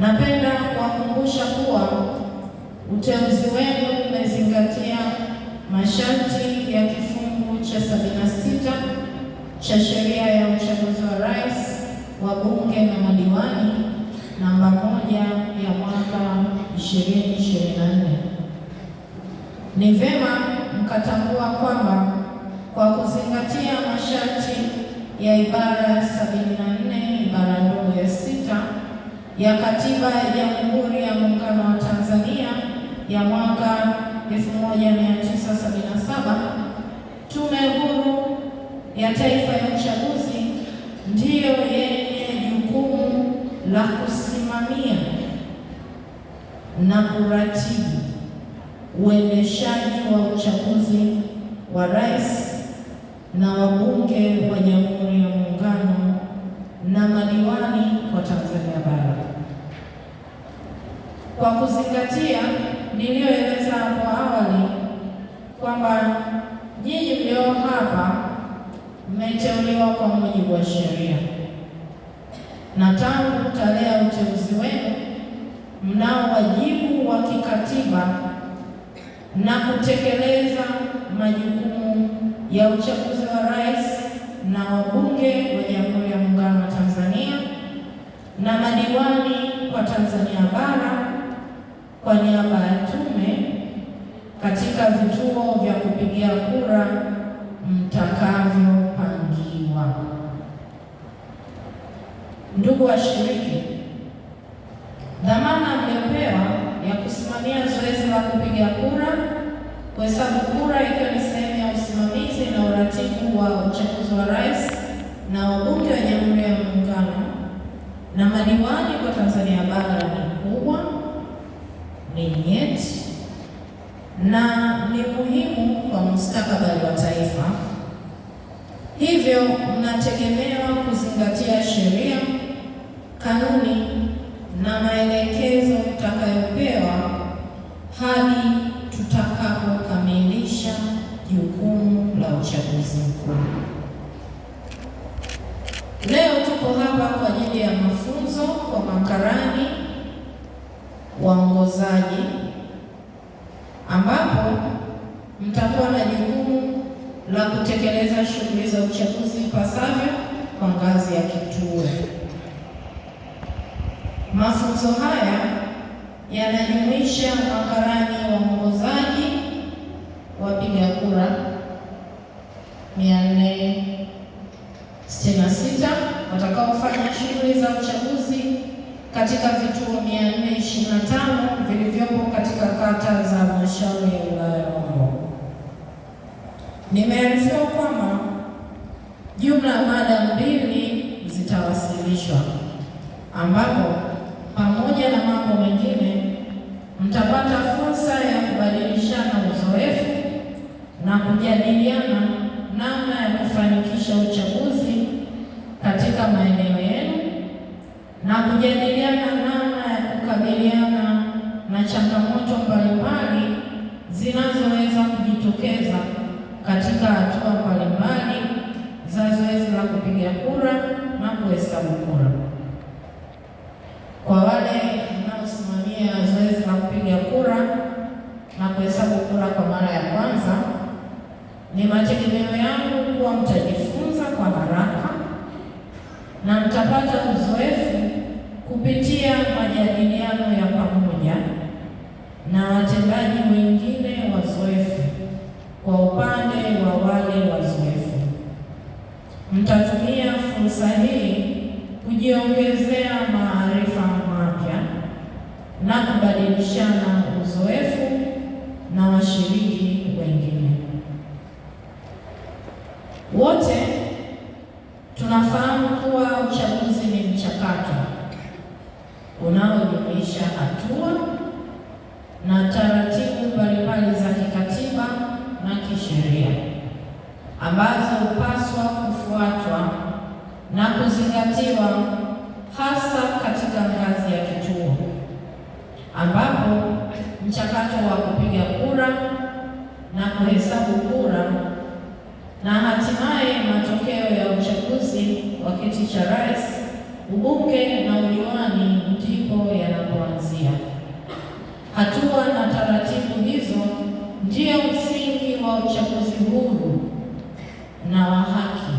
Napenda kuwakumbusha kuwa uteuzi wenu umezingatia masharti ya kifungu cha 76 cha sheria ya uchaguzi wa rais, wa bunge na madiwani namba moja ya mwaka 2024. Ni vyema mkatambua kwamba kwa kuzingatia masharti ya ibara ya ya Katiba ya Jamhuri ya Muungano wa Tanzania ya mwaka 1977, Tume Huru ya Taifa ya Uchaguzi ndiyo yenye jukumu la kusimamia na kuratibu uendeshaji wa uchaguzi wa rais na wabunge wa Jamhuri ya Muungano na madiwani kwa Tanzania bara. Kwa kuzingatia niliyoeleza hapo awali kwamba nyinyi mlio hapa mmeteuliwa kwa mujibu wa sheria, na tangu tarehe ya uteuzi wenu mnao wajibu wa kikatiba na kutekeleza majukumu ya uchaguzi wa rais na wabunge wa Jamhuri ya Muungano wa Tanzania na madiwani kwa Tanzania bara kwa niaba ya tume katika vituo vya kupigia kura mtakavyopangiwa. Ndugu washiriki, dhamana mliopewa ya kusimamia zoezi la kupiga kura, kuhesabu kura, ikiwa ni sehemu ya usimamizi na uratibu wa uchaguzi wa rais na wabunge wa Jamhuri ya Muungano na madiwani mustakabali wa taifa. Hivyo mnategemewa kuzingatia sheria, kanuni na maelekezo mtakayopewa hadi tutakapokamilisha jukumu la uchaguzi mkuu. Leo tuko hapa kwa ajili ya mafunzo kwa makarani waongozaji ambapo mtakuwa na jukumu la kutekeleza shughuli za uchaguzi ipasavyo kwa ngazi ya kituo. Mafunzo haya yanajumuisha makarani wa wapiga kura 466 watakaofanya shughuli za uchaguzi katika vituo 425 vilivyopo katika kata za halmashauri ya wilaya ya Rombo. Nimearifiwa kwamba jumla mada mbili zitawasilishwa, ambapo pamoja na mambo mengine mtapata fursa ya kubadilishana uzoefu na kujadiliana namna ya kufanikisha uchaguzi katika maeneo yenu na kujadiliana namna ya kukabiliana na changamoto mbalimbali zinazoweza kujitokeza katika hatua mbalimbali za zoezi la kupiga kura na kuhesabu kura. Kwa wale mnaosimamia zoezi la kupiga kura na kuhesabu kura kwa mara ya kwanza, ni mategemeo yangu kuwa mtajifunza kwa haraka na mtapata uzoefu kupitia majadiliano ya pamoja na watendaji wengine wazoefu kwa upande wa wale wazoefu. Mtatumia fursa hii kujiongezea maarifa mapya na kubadilishana uzoefu na washiriki wengine. Wote tunafahamu kuwa uchaguzi ni mchakato unaojumuisha hatua na taratibu mbalimbali za kikatiba na kisheria ambazo hupaswa kufuatwa na kuzingatiwa hasa katika ngazi ya kituo ambapo mchakato wa kupiga kura na kuhesabu kura na hatimaye matokeo ya uchaguzi wa kiti cha rais, ubunge na udiwani ndipo yanapoanzia. Hatua na taratibu hizo ndiyo msingi wa uchaguzi huru na wa haki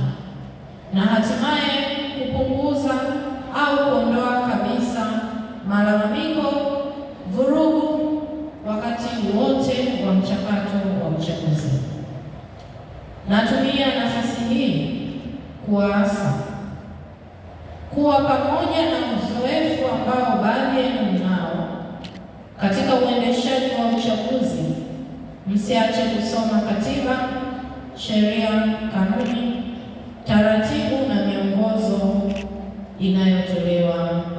na hatimaye kupunguza au kuondoa kabisa malalamiko, vurugu wakati wote wa mchakato wa uchaguzi. Natumia nafasi hii kuwaasa kuwa pamoja na uzoefu ambao baadhi yenu mnao katika uendeshaji wa uchaguzi msiache kusoma katiba, sheria, kanuni, taratibu na miongozo inayotolewa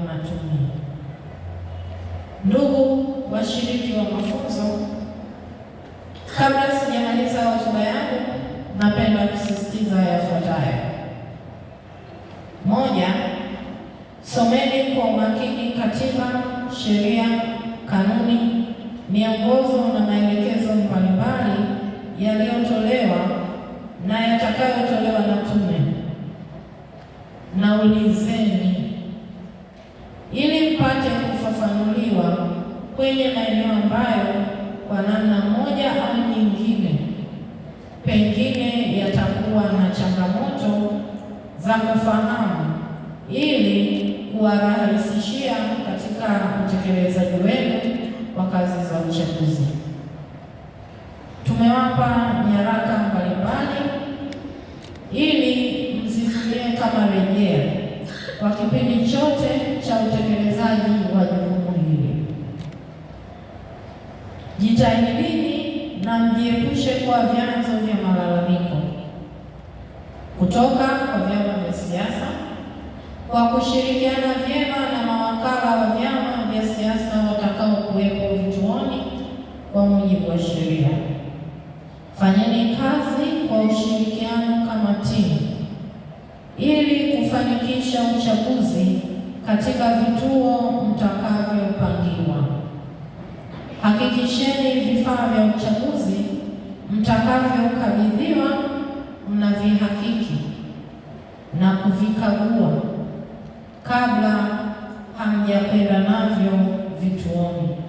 na tume. Ndugu washiriki wa mafunzo, kabla sijamaliza hotuba yangu, napenda kusisitiza yafuatayo: moja, someni kwa umakini katiba, sheria, kanuni, miongozo na maelekezo maelekezo mbalimbali yaliyotolewa na yatakayotolewa na tume. Naulizeni ili mpate kufafanuliwa kwenye maeneo ambayo kwa namna moja au nyingine pengine yatakuwa na changamoto za kufahamu ili kuwarahisishia katika utekelezaji wenu wa kazi za uchaguzi tumewapa nyaraka mbalimbali ili mzitumie kama rejea kwa kipindi chote cha utekelezaji wa jukumu hili. Jitahidini na mjiepushe kuwa vyanzo vya malalamiko kutoka kwa vyama vya siasa kwa kushirikiana vyema na mawakala wa vyama vya siasa watakaokuwepo vituoni kwa mujibu wa sheria. Fanyeni kazi kwa ushirikiano kama timu ili kufanikisha uchaguzi katika vituo mtakavyopangiwa. Hakikisheni vifaa vya uchaguzi mtakavyokabidhiwa mnavihakiki na kuvikagua kabla hamjakwenda navyo vituoni.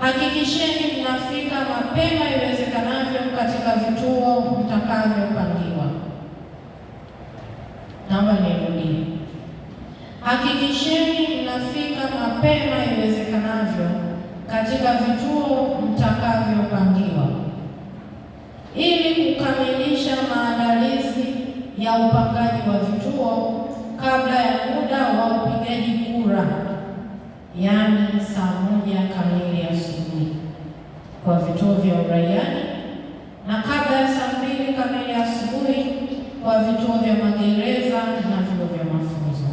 Hakikisheni mnafika mapema iwezekanavyo katika vituo mtakavyopangiwa. Naomba nirudie, hakikisheni mnafika mapema iwezekanavyo katika vituo mtakavyopangiwa ili kukamilisha maandalizi ya upangaji wa vituo kabla ya muda wa upigaji kura, yaani saa moja kamili kwa vituo vya uraiani na kabla ya saa mbili kamili asubuhi kwa vituo vya magereza na vituo vya mafunzo.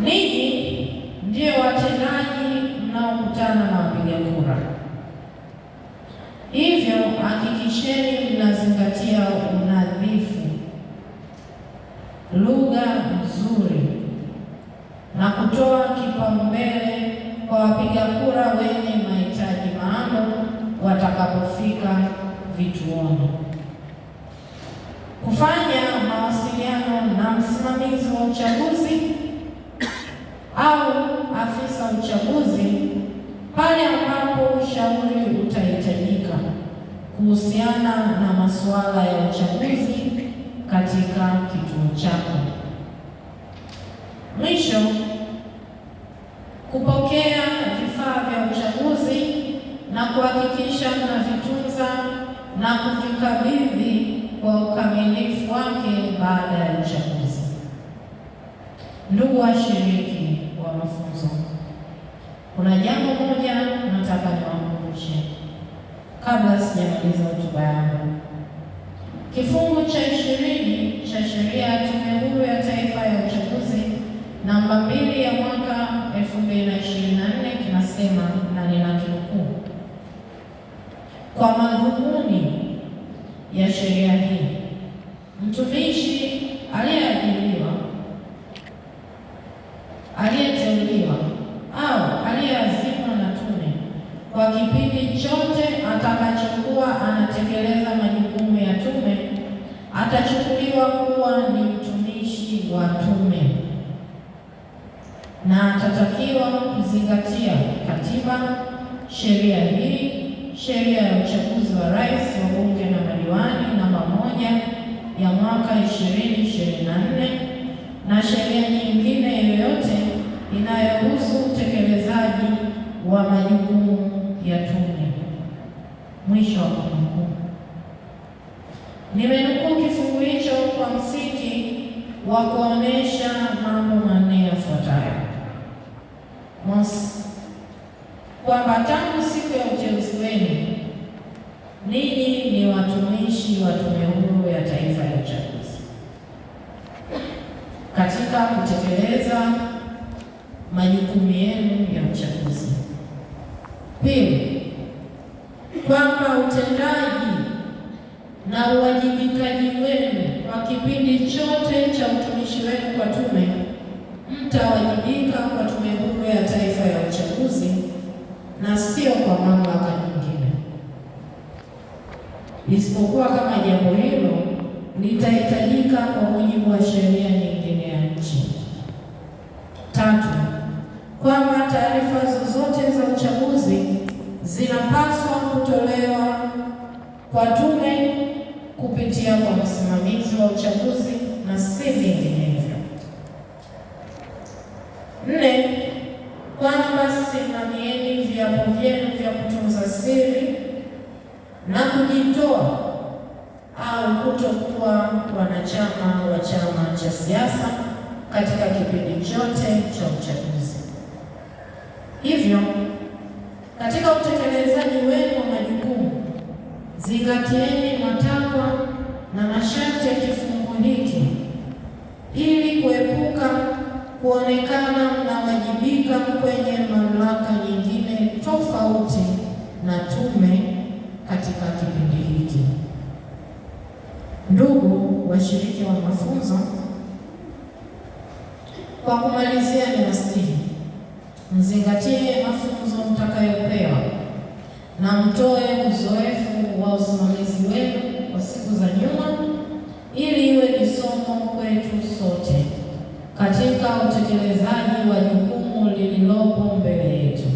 Ninyi ndiye watendaji mnaokutana na wapiga kura, hivyo hakikisheni mnazingatia unadhifu, lugha nzuri na kutoa kipaumbele wapiga kura wenye mahitaji maalum watakapofika vituoni, kufanya mawasiliano na msimamizi wa uchaguzi au afisa uchaguzi pale ambapo ushauri utahitajika kuhusiana na masuala ya uchaguzi katika kituo chako. Mwisho, kupokea na kuhakikisha tunavitunza na kuvikabidhi kwa ukamilifu wake baada ya uchaguzi. Ndugu washiriki wa mafunzo, kuna jambo moja nataka niwakumbushe kabla sijamaliza hotuba yangu. Kifungu cha ishirini cha sheria ya Tume Huru ya Taifa ya Uchaguzi namba mbili ya mwaka elfu mbili na Kwa madhumuni ya sheria hii, mtumishi aliyeajiriwa, aliyeteuliwa au aliyeazimwa na tume kwa kipindi chote atakachokuwa anatekeleza majukumu ya tume atachukuliwa kuwa ni mtumishi wa tume na atatakiwa kuzingatia katiba, sheria hii sheria ya uchaguzi wa rais, wa bunge na madiwani namba moja ya mwaka 2024 na sheria nyingine yoyote inayohusu utekelezaji wa majukumu ya tume. Mwisho wa kunukuu. Nimenukuu kifungu hicho kwa msingi wa kuonesha mambo wa Tume Huru ya Taifa ya Uchaguzi katika kutekeleza majukumu yenu ya uchaguzi. Pili, kwamba utendaji na uwajibikaji wenu kwa kipindi chote cha utumishi wenu kwa tume, mtawajibika kwa Tume Huru ya Taifa ya Uchaguzi na sio kwa mamlaka isipokuwa kama jambo hilo litahitajika kwa mujibu wa sheria nyingine ya nchi. Tatu, kwamba taarifa zozote za uchaguzi zinapaswa kutolewa kwa tume kupitia kwa msimamizi wa uchaguzi na si vinginevyo. Nne, kwamba simamieni viapo vyenu vya kutunza siri na kujitoa au kutokuwa wanachama wa chama cha siasa katika kipindi chote cha uchaguzi. Hivyo, katika utekelezaji wenu wa majukumu, zingatieni matakwa na masharti ya kifungu hiki ili kuepuka kuonekana mnawajibika kwenye mamlaka nyingine tofauti na tume katika kipindi hiki. Ndugu washiriki wa mafunzo, kwa kumalizia, ni wasihi mzingatie mafunzo mtakayopewa na mtoe uzoefu wa usimamizi wenu kwa siku za nyuma, ili iwe ni somo kwetu sote katika utekelezaji wa jukumu lililopo mbele yetu.